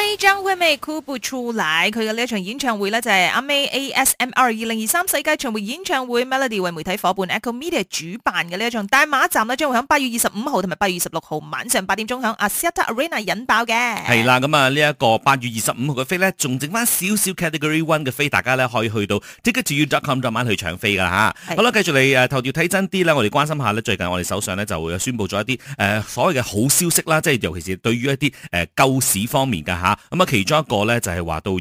呢一張會未攤布出嚟，佢嘅呢一場演唱會呢，就係阿 May A S M R 二零二三世界巡迴演唱會，Melody 為媒體伙伴 Echo Media 主辦嘅呢一場大馬站呢，將會喺八月二十五號同埋八月二十六號晚上八點鐘喺 Axiata Arena 引爆嘅。係啦，咁啊呢一個八月二十五號嘅飛呢，仲剩翻少少 Category One 嘅飛，大家呢可以去到 tickettoyou.com 今晚去搶飛㗎嚇。是的 好啦，繼續嚟誒、啊、頭條睇真啲呢。我哋關心下呢，最近我哋手上呢就會有宣布咗一啲誒、啊、所謂嘅好消息啦，即係尤其是對於一啲誒救市方面嘅嚇。啊咁啊，其中一個咧就係話到要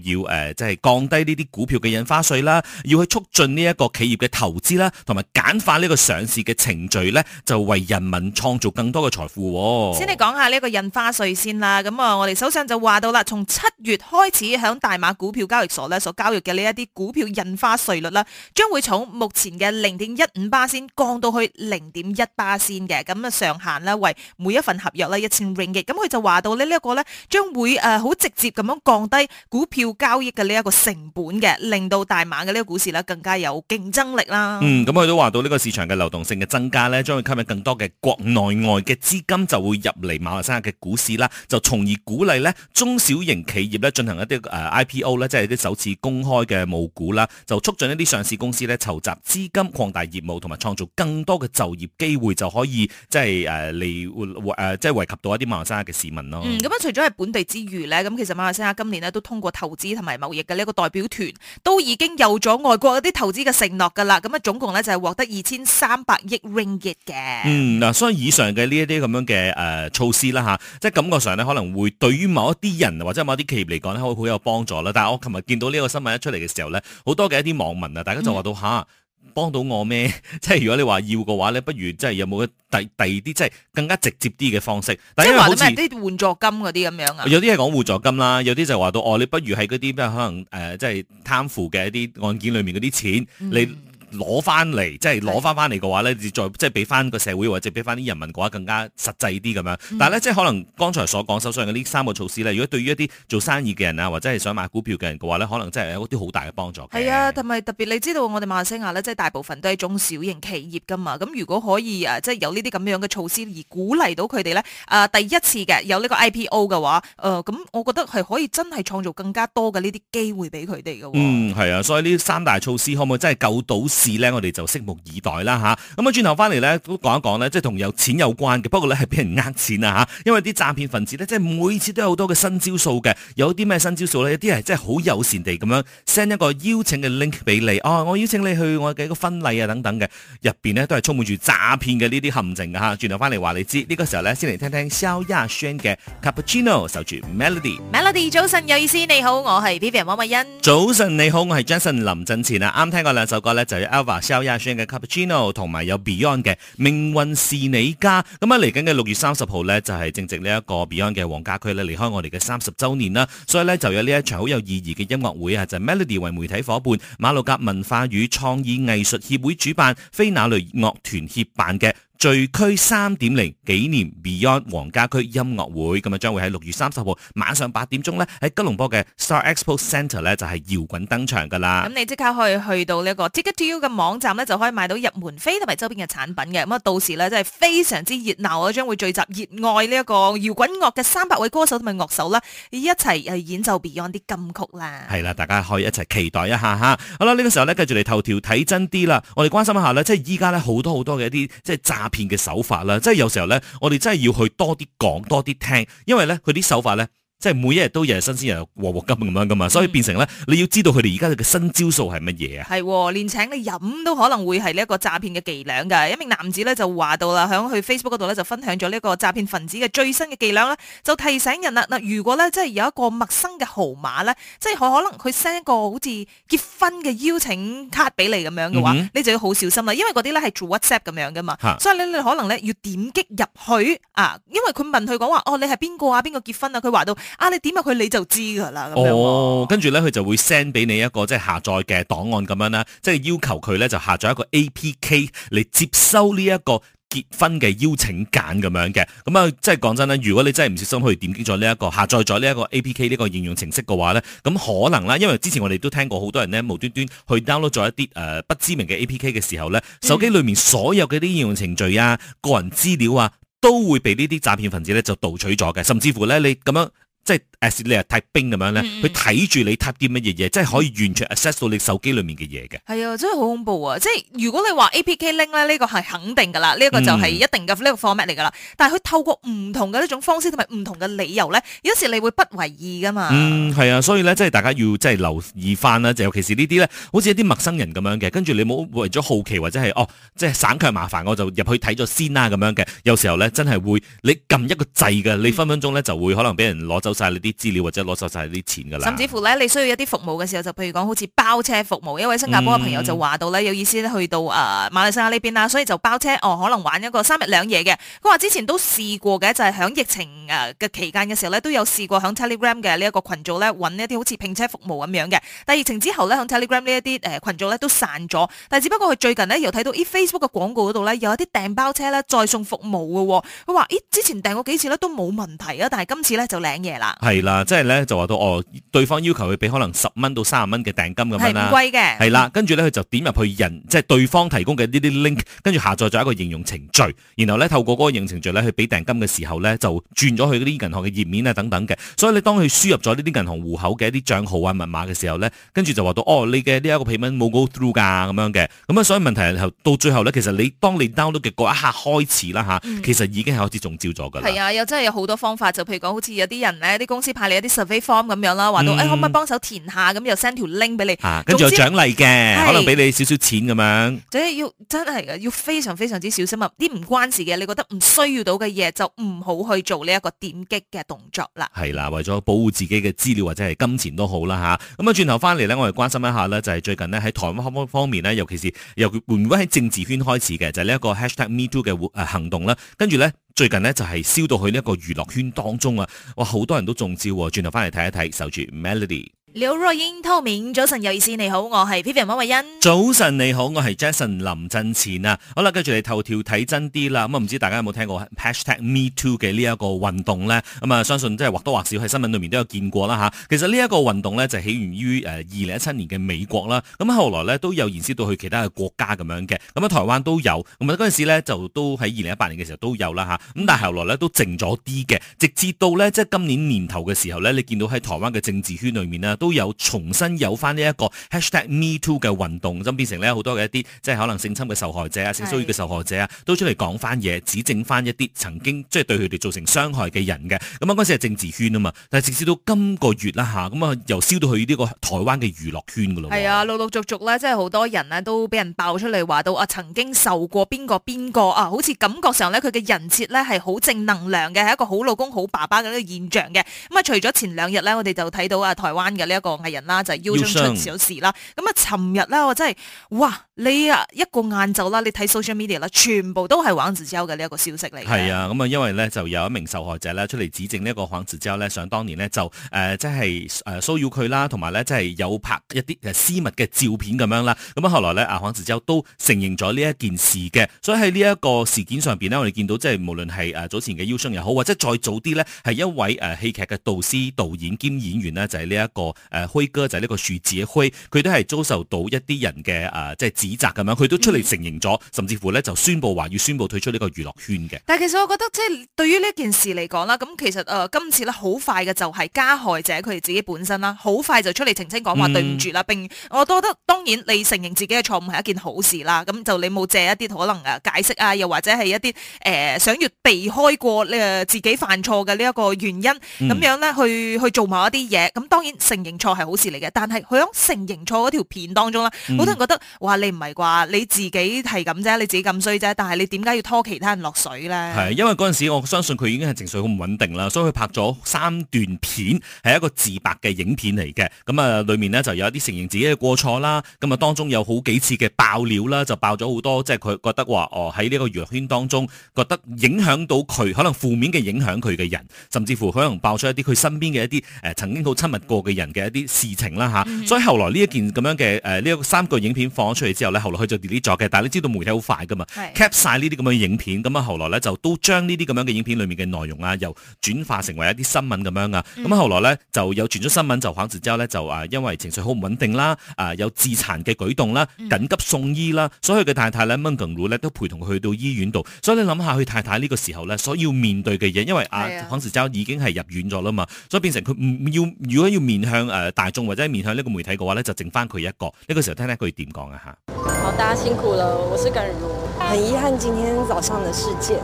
即係降低呢啲股票嘅印花稅啦，要去促進呢一個企業嘅投資啦，同埋簡化呢個上市嘅程序咧，就為人民創造更多嘅財富。先嚟講下呢個印花稅先啦。咁啊，我哋首先就話到啦，從七月開始喺大馬股票交易所咧所交易嘅呢一啲股票印花稅率啦，將會從目前嘅零點一五巴仙降到去零點一巴仙嘅。咁啊，上限呢為每一份合約咧一千 ringgit。咁佢就話到呢一個咧將會好，呃直接咁樣降低股票交易嘅呢一個成本嘅，令到大馬嘅呢個股市咧更加有競爭力啦。嗯，咁佢都話到呢個市場嘅流動性嘅增加咧，將會吸引更多嘅國內外嘅資金就會入嚟馬來西亞嘅股市啦，就從而鼓勵咧中小型企業咧進行一啲誒、呃、IPO 咧，即係啲首次公開嘅募股啦，就促進一啲上市公司咧籌集資金擴大業務同埋創造更多嘅就業機會，就可以即係誒嚟誒即係惠及到一啲馬來西亞嘅市民咯。咁啊、嗯、除咗係本地之餘咧。咁其實馬來西亞今年咧都通過投資同埋貿易嘅呢個代表團都已經有咗外國一啲投資嘅承諾噶啦，咁啊總共咧就係獲得二千三百億 ringgit 嘅。嗯，嗱，所以以上嘅呢一啲咁樣嘅誒措施啦吓，即係感覺上咧可能會對於某一啲人或者某一啲企業嚟講咧，會好有幫助啦。但係我琴日見到呢個新聞一出嚟嘅時候咧，好多嘅一啲網民啊，大家就話到吓。嗯幫到我咩？即係如果你要話要嘅話咧，不如有沒有即係有冇第第二啲即係更加直接啲嘅方式？但因為好即係話咩啲換助金嗰啲咁樣啊？有啲係講互助金啦，有啲就話到哦，你不如喺嗰啲咩可能誒、呃，即係貪腐嘅一啲案件裏面嗰啲錢、嗯、你。攞翻嚟，即係攞翻翻嚟嘅話咧，的再即係俾翻個社會或者俾翻啲人民嘅話更加實際啲咁樣。但係咧，嗯、即係可能剛才所講手上嘅呢三個措施咧，如果對於一啲做生意嘅人啊，或者係想買股票嘅人嘅話咧，可能真係有一啲好大嘅幫助。係啊，同埋特別你知道我哋馬來西亞咧，即、就、係、是、大部分都係中小型企業㗎嘛。咁如果可以即係、就是、有呢啲咁樣嘅措施而鼓勵到佢哋咧，誒第一次嘅有呢個 IPO 嘅話，誒、呃、咁，我覺得係可以真係創造更加多嘅呢啲機會俾佢哋㗎。嗯，係啊，所以呢三大措施可唔可以真係救到？事咧，我哋就拭目以待啦吓，咁啊，轉頭翻嚟呢，都講一講呢，即係同有錢有關嘅。不過呢，係俾人呃錢啊吓，因為啲詐騙分子呢，即係每次都有好多嘅新招數嘅。有啲咩新招數呢，有啲係真係好友善地咁樣 send 一個邀請嘅 link 俾你。哦、啊，我邀請你去我嘅一個婚禮啊等等嘅，入邊呢，都係充滿住詐騙嘅呢啲陷阱嘅吓，轉頭翻嚟話你知，呢、這個時候呢，先嚟聽聽蕭亞軒嘅 Cappuccino 守住 Melody。Melody，早晨有意思，你好，我係係 Vivian 王慧欣。早晨你好，我係 Jason 林振前啊。啱聽過兩首歌呢，就 Elva 蕭亞軒嘅 Cappuccino 同埋有 Beyond 嘅命運是你家，咁啊嚟緊嘅六月三十號咧就係正值呢一個 Beyond 嘅黃家駒咧離開我哋嘅三十週年啦，所以咧就有呢一場好有意義嘅音樂會啊，就係、是、Melody 為媒體伙伴，馬六甲文化與創意藝術協會主辦，非那雷樂團協辦嘅。聚區三點零紀念 Beyond 黃家駒音樂會咁啊，將會喺六月三十號晚上八點鐘呢，喺吉隆坡嘅 Star Expo Centre 咧就係搖滾登場㗎啦。咁你即刻可以去到呢一個 Ticket To You 嘅網站呢，就可以買到入門飛同埋周邊嘅產品嘅。咁啊，到時呢，真係非常之熱鬧啊，將會聚集熱愛呢一個搖滾樂嘅三百位歌手同埋樂手啦，一齊啊演奏 Beyond 啲金曲啦。係啦，大家可以一齊期待一下嚇。好啦，呢、呢個時候呢，繼續嚟頭條睇真啲啦，我哋關心一下咧，即係依家呢，好多好多嘅一啲即係片嘅手法啦，即係有時候咧，我哋真係要去多啲講，多啲聽，因為咧佢啲手法咧。即係每一日都日日新鮮，日日鑊鑊金咁樣噶嘛，所以變成咧，你要知道佢哋而家嘅新招數係乜嘢啊？係喎。連請你飲都可能會係呢一個詐騙嘅伎倆㗎。一名男子咧就話到啦，響去 Facebook 嗰度咧就分享咗呢個詐騙分子嘅最新嘅伎倆啦，就提醒人啦，嗱，如果咧即係有一個陌生嘅號碼咧，即係佢可能佢 send 一個好似結婚嘅邀請卡俾你咁樣嘅話，嗯嗯，你就要好小心啦，因為嗰啲咧係做 WhatsApp 咁樣噶嘛，是的 所以你可能咧要點擊入去啊，因為佢問佢講話，哦你係邊個啊？邊個結婚啊？佢話到。啊！你點入去你就知噶啦咁樣。哦，跟住咧，佢就會 send 俾你一個即係下載嘅檔案咁樣啦，即係要求佢咧就下載一個 A P K 嚟接收呢一個結婚嘅邀請簡咁樣嘅。咁啊，即係講真啦，如果你真係唔小心去點擊咗呢一個下載咗呢一個 A P K 呢個應用程式嘅話咧，咁可能啦，因為之前我哋都聽過好多人咧無端端去 download 咗一啲誒、呃、不知名嘅 A P K 嘅時候咧，手機裏面所有嘅啲應用程序啊、嗯、個人資料啊，都會被呢啲詐騙分子咧就盜取咗嘅，甚至乎咧你咁樣。即係，誒，你係 type 緊咁樣，咧，佢睇住你 type 啲乜嘢嘢，即係可以完全 access 到你手機裏面嘅嘢嘅。係啊，真係好恐怖啊！即係如果你話 APK link 咧，呢個係肯定噶啦，呢個就係一定嘅呢個 format 嚟噶啦。嗯、但係佢透過唔同嘅呢種方式同埋唔同嘅理由咧，有時你會不為意噶嘛。嗯，係啊，所以咧，即係大家要即係留意翻啦，就尤其是呢啲咧，好似一啲陌生人咁樣嘅，跟住你冇為咗好奇或者係哦，即係省卻麻煩，我就入去睇咗先啦，啊，咁樣嘅。有時候咧，真係會你撳一個掣嘅，你分分鐘咧就會可能俾人攞走。攞曬你啲資料，或者攞晒曬啲錢㗎啦，甚至乎咧你需要一啲服務嘅時候，就譬如講好似包車服務，一位新加坡嘅朋友就話到咧，嗯、有意思咧去到啊、呃、馬來西亞呢邊啦，所以就包車，哦、呃、可能玩一個三日兩夜嘅。佢話之前都試過嘅，就係、是、響疫情誒嘅期間嘅時候咧，都有試過響 Telegram 嘅呢一個群組咧揾一啲好似拼車服務咁樣嘅。但疫情之後咧響 Telegram 呢一啲誒羣組咧都散咗，但只不過佢最近呢，又睇到 Facebook 嘅廣告嗰度咧有一啲訂包車咧再送服務嘅喎、哦，佢話咦之前訂過幾次咧都冇問題啊，但係今次咧就領嘢。啦，係啦，即係咧就話到哦，對方要求佢俾可能十蚊到三十蚊嘅訂金咁樣啦，係唔貴嘅，係啦，跟住咧佢就點入去人，即係對方提供嘅呢啲 link，跟住下載咗一個應用程序，然後咧透過嗰個應用程序咧去俾訂金嘅時候咧就轉咗去啲銀行嘅頁面啊等等嘅，所以你當佢輸入咗呢啲銀行戶口嘅一啲賬號啊密碼嘅時候咧，跟住就話到哦，你嘅呢一個 payment 冇 go through 噶咁樣嘅，咁啊所以問題係到最後咧，其實你當你 download 嘅嗰一刻開始啦吓，啊嗯、其實已經係開始中招咗噶啦，係啊，又真係有好多方法，就譬如講好似有啲人咧。一啲公司派你一啲 survey form 咁樣啦，話到誒，可唔可以幫手填下？咁、嗯、又 send 條 link 俾你，啊，跟住又獎勵嘅，是可能俾你少少錢咁樣。即係要真係嘅，要非常非常之小心啊！啲唔關事嘅，你覺得唔需要到嘅嘢，就唔好去做呢一個點擊嘅動作啦。係啦，為咗保護自己嘅資料或者係金錢都好啦吓。咁啊，轉頭翻嚟咧，我哋關心一下咧，就係最近呢，喺台灣方面咧，尤其是由會唔會喺政治圈開始嘅，就係呢一個 #MeToo 嘅誒行動啦。跟住咧。啊啊啊啊啊啊啊啊最近呢，就係燒到去呢一個娛樂圈當中啊！哇，好多人都中招喎。轉頭翻嚟睇一睇，守住 Melody。廖若英透明早晨有意思，你好，我係 Peter 馬慧欣。早晨你好，我係 Jason 林振前啊。好啦，跟住嚟，頭條睇真啲啦。咁、嗯、啊，唔知大家有冇聽過 Hashtag Me Too 嘅呢一個運動咧？咁、嗯、啊，相信即係或多或少喺新聞裏面都有見過啦吓。其實運，呢一個運動咧，就起源於誒二零一七年嘅美國啦。咁、嗯、後來咧都有延燒到去其他嘅國家咁樣嘅。咁、嗯、喺台灣都有。咁嗰陣時咧就都喺二零一八年嘅時候都有啦吓。咁、嗯、但係後來咧都靜咗啲嘅，直至到咧即係今年年頭嘅時候咧，你見到喺台灣嘅政治圈裏面咧，都有重新有翻呢一個 #MeToo 嘅運動，咁變成咧好多嘅一啲即係可能性侵嘅受害者啊、性騷擾嘅受害者啊，是都出嚟講翻嘢，指證翻一啲曾經即係、就是、對佢哋造成傷害嘅人嘅。咁啊嗰陣時係政治圈啊嘛，但係直至到今個月啦吓，咁啊又、嗯、燒到去呢個台灣嘅娛樂圈噶咯。係啊，陸陸續續咧，即係好多人呢都俾人爆出嚟話到啊，曾經受過邊個邊個啊，好似感覺上咧佢嘅人設咧係好正能量嘅，係一個好老公、好爸爸嘅呢個現象嘅。咁、嗯、啊，除咗前兩日咧，我哋就睇到啊台灣嘅。呢一個藝人啦，就係腰傷出小事啦。咁啊，尋日咧，我真係哇，你啊一個晏晝啦，你睇 social media 啦，全部都係黃子韜嘅呢一個消息嚟。係啊，咁啊，因為咧就有一名受害者咧出嚟指證呢一個黃子韜咧，想當年咧就誒即係誒騷擾佢啦，同埋咧即係有拍一啲誒私密嘅照片咁樣啦。咁啊，後來咧啊黃子韜都承認咗呢一件事嘅。所以喺呢一個事件上邊咧，我哋見到即係無論係誒早前嘅腰傷又好，或者再早啲咧係一位誒戲劇嘅導師、導演兼演員呢，就係呢一個。誒虛、啊、哥就呢、呢個樹字虛，佢都係遭受到一啲人嘅、啊、即係指責咁樣，佢都出嚟承認咗，嗯、甚至乎咧就宣佈話要宣佈退出呢個娛樂圈嘅。但其實我覺得即係對於呢件事嚟講啦，咁其實、呃、今次咧好快嘅就係加害者佢哋自己本身啦，好快就出嚟澄清講話對唔住啦。嗯、並我覺得當然你承認自己嘅錯誤係一件好事啦。咁就你冇借一啲可能誒解釋啊，又或者係一啲、呃、想要避開過誒自己犯錯嘅呢一個原因咁、嗯、樣咧去去做某一啲嘢。咁當然承認認錯係好事嚟嘅，但係佢響承認錯嗰條片當中啦，好多人覺得，哇，你唔係啩？你自己係咁啫，你自己咁衰啫，但係你點解要拖其他人落水呢？係因為嗰陣時，我相信佢已經係情緒好唔穩定啦，所以佢拍咗三段片，係一個自白嘅影片嚟嘅。咁啊，裏面呢就有一啲承認自己嘅過錯啦。咁啊，當中有好幾次嘅爆料啦，就爆咗好多，即係佢覺得話，哦、呃，喺呢個娛樂圈當中，覺得影響到佢，可能負面嘅影響佢嘅人，甚至乎可能爆出一啲佢身邊嘅一啲誒、呃，曾經好親密過嘅人嘅一啲事情啦吓，啊 mm hmm. 所以後來呢一件咁樣嘅誒呢一個三個影片放咗出嚟之後咧，後來佢就 delete 咗嘅，但係你知道媒體好快噶嘛，cap 晒呢啲咁嘅影片，咁啊後來咧就都將呢啲咁樣嘅影片裏面嘅內容啊，又轉化成為一啲新聞咁樣啊，咁啊、mm hmm. 後來咧就有傳咗新聞，就肯士周咧就啊因為情緒好唔穩定啦，啊，啊有自殘嘅舉動啦，緊、啊、急送醫啦，啊 mm hmm. 所以佢嘅太太咧 Montgomery 咧都陪同佢去到醫院度，所以你諗下佢太太呢個時候咧，所要面對嘅嘢，因為啊肯士周已經係入院咗啦嘛，所以變成佢唔要如果要面向。呃、大眾或者面向呢個媒體嘅話呢就剩翻佢一個。呢、這個時候聽聽佢點講啊嚇！好，大家辛苦了，我是感如。很遺憾今天早上嘅事件，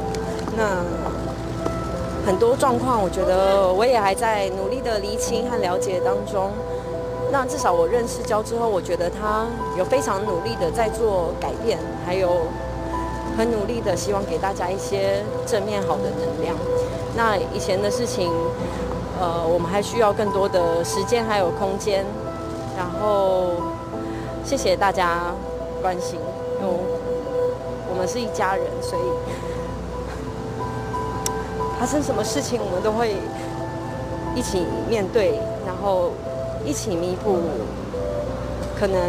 那很多狀況，我覺得我也還在努力的釐清和了解當中。那至少我認識焦之後，我覺得他有非常努力的在做改變，還有很努力的希望給大家一些正面好的能量。那以前的事情。呃，我們還需要更多的時間，還有空間。然後，謝謝大家關心。嗯，我們是一家人，所以發生什麼事情，我們都會一起面對，然後一起彌補。可能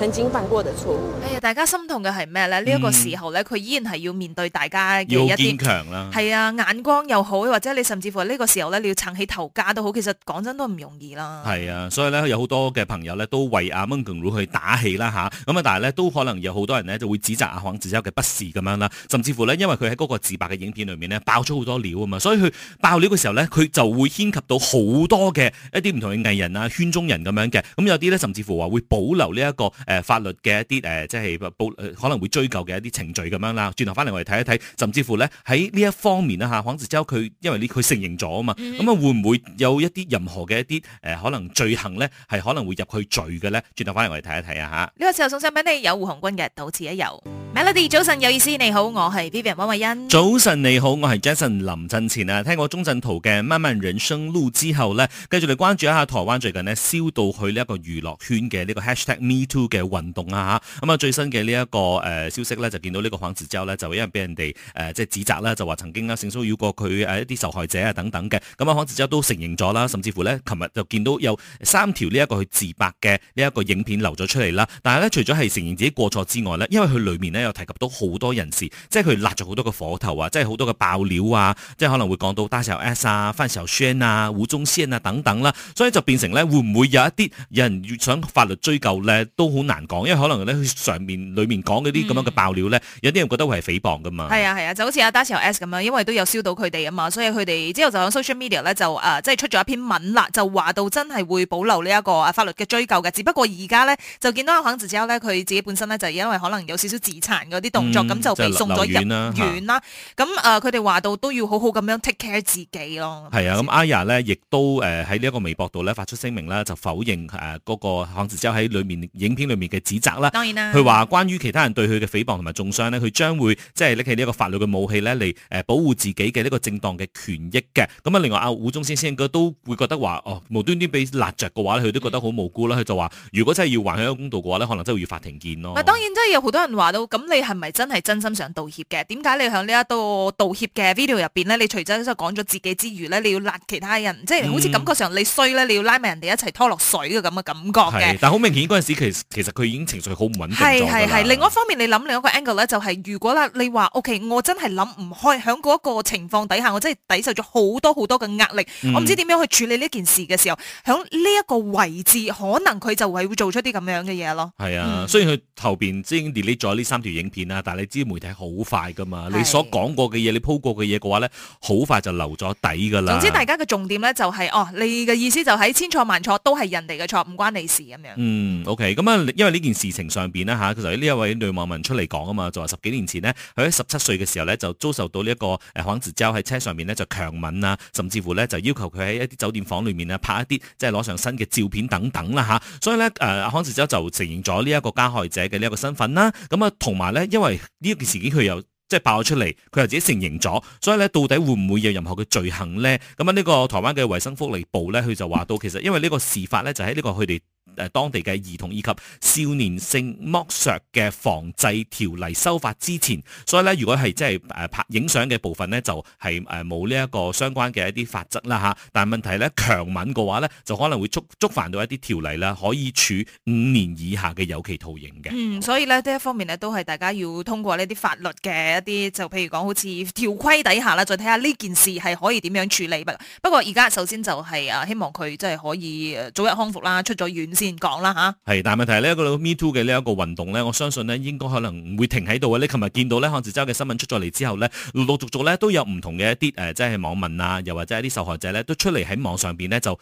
曾經犯過的錯誤。哎呀，大家心痛嘅係咩咧？呢、這、一個時候咧，佢、嗯、依然係要面對大家嘅一啲，堅強啦。係啊，眼光又好，或者你甚至乎呢個時候咧，你要撐起頭家都好。其實講真的都唔容易啦。係啊，所以咧有好多嘅朋友咧都為阿孟耿如去打氣啦吓。咁啊，但係咧都可能有好多人咧就會指責阿黃子佼嘅不是咁樣啦。甚至乎呢，因為佢喺嗰個自白嘅影片裏面呢爆出好多料啊嘛，所以佢爆料嘅時候呢，佢就會牽及到好多嘅一啲唔同嘅藝人啊、圈中人咁樣嘅。咁、嗯、有啲咧甚至乎話會保留呢、這、一個。誒、呃、法律嘅一啲誒、呃，即係報、呃、可能會追究嘅一啲程序咁樣啦。轉頭翻嚟我哋睇一睇，甚至乎咧喺呢在這一方面啦嚇、啊，黃志洲佢因為呢佢承認咗啊嘛，咁啊、嗯、會唔會有一啲任何嘅一啲誒、呃、可能罪行咧，係可能會入去罪嘅咧？轉頭翻嚟我哋睇一睇啊嚇。呢個時候送上俾你有胡鴻君嘅到此一遊。Melody 早晨有意思，你好，我係 Vivian 汪慧欣。早晨你好，我係 Jason 林振前啊。聽過鍾鎮濤嘅《漫漫人生路》之後咧，繼續嚟關注一下台灣最近咧燒到去呢一個娛樂圈嘅呢個 Hashtag Me Too 嘅運動啊吓。咁、嗯、啊，最新嘅呢一個誒、呃、消息咧，就見到呢個黃子佼咧就因為俾人哋誒、呃、即係指責啦，就話曾經性騷啊性騷擾過佢誒一啲受害者啊等等嘅。咁、嗯、啊，黃子佼都承認咗啦，甚至乎咧，琴日就見到有三條呢一個佢自白嘅呢一個影片流咗出嚟啦。但係咧，除咗係承認自己過錯之外咧，因為佢裏面咧。又提及到好多人士，即係佢立咗好多嘅火頭啊，即係好多嘅爆料啊，即係可能會講到，大小 S 啊，范曉萱啊，吳宗憲啊等等啦，所以就變成咧，會唔會有一啲有人越想法律追究咧，都好難講，因為可能咧，上面裏面講嗰啲咁樣嘅爆料咧，嗯、有啲人覺得會係誹謗噶嘛是、啊。係啊係啊，就好似阿大小 S 咁樣，因為都有燒到佢哋啊嘛，所以佢哋之後就喺 Social Media 咧就誒，即係出咗一篇文啦，就話到真係會保留呢一個啊法律嘅追究嘅，只不過而家咧就見到阿肯子之後咧，佢自己本身咧就因為可能有少少自殺啲動作咁、嗯、就被送咗院啦，啦、啊。咁佢哋話到都要好好咁樣 take care 自己咯。係啊的，咁 Iya 咧亦都喺呢一個微博度咧發出聲明啦，就否認誒嗰、呃那個漢志洲喺裏面影片裏面嘅指責啦。當然啦，佢話關於其他人對佢嘅誹謗同埋中傷呢，佢將會即係拎起呢個個法律嘅武器呢嚟、呃、保護自己嘅呢個正當嘅權益嘅。咁、嗯、啊，另外阿胡忠先生佢都會覺得話哦，無端端俾辣着嘅話佢都覺得好無辜啦。佢就話如果真係要還佢一個公道嘅話呢，可能真係要法庭見咯。嗱，當然真係有好多人話到咁、嗯、你係咪真係真心想道歉嘅？點解你喺呢一度道歉嘅 video 入邊咧？你除咗即講咗自己之餘咧，你要揦其他人，即係、嗯、好似感覺上你衰咧，你要拉埋人哋一齊拖落水嘅咁嘅感覺。但好明顯嗰陣時，其實佢已經情緒好唔穩定。係係係。另外一方面你想想，你諗另一個 angle 呢、就係，就係如果啦，你話 OK，我真係諗唔開，喺嗰個情況底下，我真係抵受咗好多好多嘅壓力，嗯、我唔知點樣去處理呢件事嘅時候，喺呢一個位置，可能佢就係會做出啲咁樣嘅嘢咯。係啊，嗯、雖然佢後邊已經 delete 咗呢三條。影片啊，但係你知媒體好快噶嘛？是你所講過嘅嘢，你鋪過嘅嘢嘅話咧，好快就留咗底噶啦。總之大家嘅重點咧就係、是、哦，你嘅意思就喺千錯萬錯都係人哋嘅錯，唔關你事咁樣。嗯，OK，咁、嗯、啊，嗯、因為呢件事情上邊呢，吓、啊，其實呢一位女網民出嚟講啊嘛，就話十幾年前呢，佢喺十七歲嘅時候呢，就遭受到呢、這、一個誒康志洲喺車上面呢，就強吻啊，甚至乎呢，就要求佢喺一啲酒店房裏面啊拍一啲即係攞上身嘅照片等等啦吓、啊。所以呢，誒康志洲就承認咗呢一個加害者嘅呢一個身份啦。咁啊同。話咧，因為呢件事件佢又即係爆出嚟，佢又自己承認咗，所以咧到底會唔會有任何嘅罪行咧？咁啊，呢個台灣嘅衞生福利部咧，佢就話到其實因為呢個事發咧，就喺呢個佢哋，誒，當地嘅兒童以及少年性剝削嘅防制條例修法之前，所以咧，如果係即係誒拍影相嘅部分呢，就係誒冇呢一個相關嘅一啲法則啦吓。但係問題咧，強吻嘅話呢，就可能會觸觸犯到一啲條例啦，可以處五年以下嘅有期徒刑嘅。嗯，所以咧，呢一方面呢，都係大家要通過呢啲法律嘅一啲，就譬如講好似條規底下啦，再睇下呢件事係可以點樣處理。不不過而家首先就係啊，希望佢即係可以早日康復啦，出咗院。先講啦係，但問題係呢一個 me too 嘅呢一個運動咧，我相信咧應該可能唔會停喺度啊！你琴日見到咧杭州嘅新聞出咗嚟之後咧，陸陸續續咧都有唔同嘅一啲、呃、即係網民啊，又或者係啲受害者咧都出嚟喺網上面咧就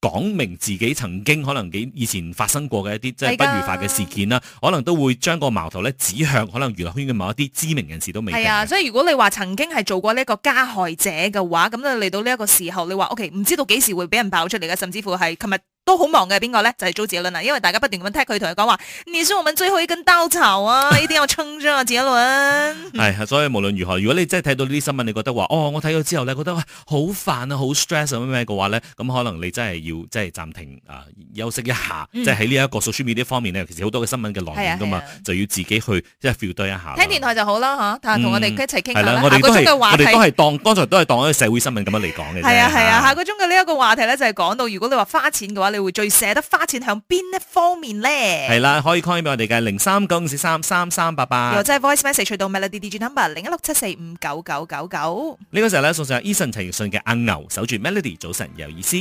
講明自己曾經可能幾以前發生過嘅一啲即係不愉快嘅事件啦，的可能都會將個矛頭咧指向可能娛樂圈嘅某一啲知名人士都未係啊！所以如果你話曾經係做過呢一個加害者嘅話，咁咧嚟到呢一個時候，你話 O K，唔知道幾時會俾人爆出嚟嘅，甚至乎係琴日。都好忙嘅，邊個咧？就係、是、周杰倫啦，因為大家不斷咁踢佢，同佢講話，你是我們最後一根稻草啊！ 一定要撐住啊，杰倫。係啊，所以無論如何，如果你真係睇到呢啲新聞，你覺得話哦，我睇咗之後呢，覺得好煩啊，好 stress 啊咩嘅話呢，咁可能你真係要即係暫停啊、呃，休息一下。即係喺呢一個 social media 呢方面呢，其實好多嘅新聞嘅內容噶嘛，啊啊、就要自己去即係 feel 多一下。聽電台就好啦，但同我哋一齊傾下、嗯啊、下嘅我哋都係當剛才都係當一個社會新聞咁樣嚟講嘅。係啊係啊，啊啊下個鐘嘅呢一個話題就係講到如果你話花錢嘅話。你會最捨得花錢向邊一方面咧？係啦，可以 call 俾我哋嘅零三九四三三三八八，又或者 voice message 到 Melody DJ Number 零一六七四五九九九九。呢個時候咧，送上 Eason 陳奕迅嘅《阿牛守住 Melody》，Melody，早晨有意思。